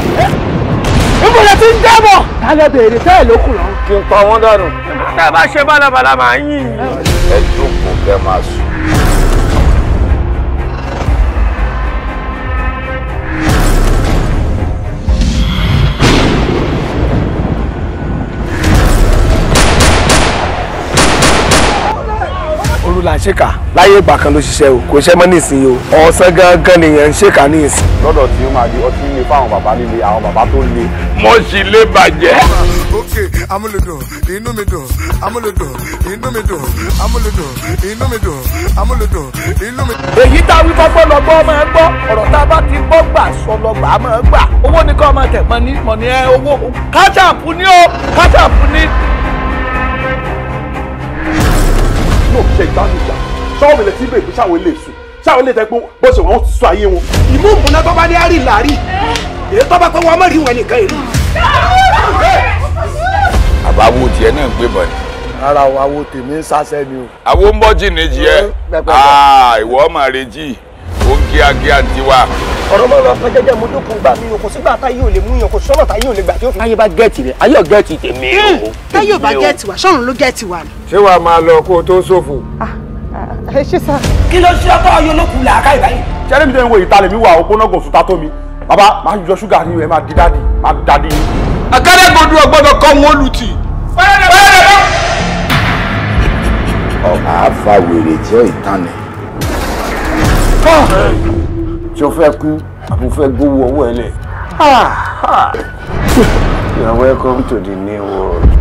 níbo lẹ ti ń dábọ̀. tálẹ̀ béèrè tẹ́ẹ̀ ló kù lọ. kí n pa wọ́n dànù. tẹ́ ẹ bá ṣe bálabàla máa ń yìn. ẹ jókòó kẹ́ máa sùn. òru là ń ṣèkà láyé ìgbà kan ló ṣiṣẹ́ o kò ṣẹ́ mọ́ nísìnyí o ọ̀sán gangan nìyẹn ń ṣèkà ní ìsìn. lọ́dọ̀ tí ó máa di ọtí líle fáwọn bàbá líle àwọn bàbá tó le. mo sì lè bàjẹ́. òkè amúlùdùn inú mi dùn amúlùdùn inú mi dùn amúlùdùn inú mi dùn amúlùdùn inú mi. èyí tá a wí kọ́gbọ́n lọ́gbọ́n máa gbọ́ ọ̀rọ̀ tá a bá ti gbọ́ gbà sọ lọ́gbà gbà owó mọ̀ ní ẹ owó káṣàpù ní ó gbádùn ìjà ṣọ́ọ̀bù lè ti bèbí ṣàwọn ilé sùn ṣáwọn lè tẹgbọn bó ṣe wọn ti sọ ayé wọn. ìmú ìmúná tó bá ní àárín làárí èyí tó bá pẹ́ wọn mọ̀rí wọn nìkan èrè. àbáwo tiẹ̀ náà gbé bọ̀ ni. rárá o awo tèmi ń sáṣẹ́ ni o. àwo ń bọ́ jìnnì ẹ́ ah, ìwọ ọmọ rẹ ó ń kíákíá tiwa ọ̀rọ̀ mọ́ máa fẹ́ jẹ́jẹ́ mo dúkùú gbà mí o kò sígbà táyé ò lè mú yàn kò sọ́nà táyé ò lè gbà tí ó fi. táyé bá gẹ̀ẹ́tì rẹ ayé ò gẹ̀ẹ́tì tèmi o. Hmm, táyé ò bá gẹ̀ẹ́tì wa sọ́run ló gẹ̀ẹ́tì wa ṣé wàá máa lọ kó o tó ṣòfò. Ah, ah, ẹ ṣe sá. kí ló ṣe ọkọ ọyọ ló kù làákà ìbáyìí. ṣẹ́ni mi tẹ́ ń wo ìta lèmi wà òpó náà ta tó mi bàbá máa yọ ṣúgà ní ẹ máa di dáàdì máa dáàdì. akẹ́rẹ́gbọ̀dún ọgbọ́dọ̀ ṣé fẹ́ kú àbí fẹ́ gbowó ọwọ́ ẹ lẹ̀. Ah, ah. welcome to the new world.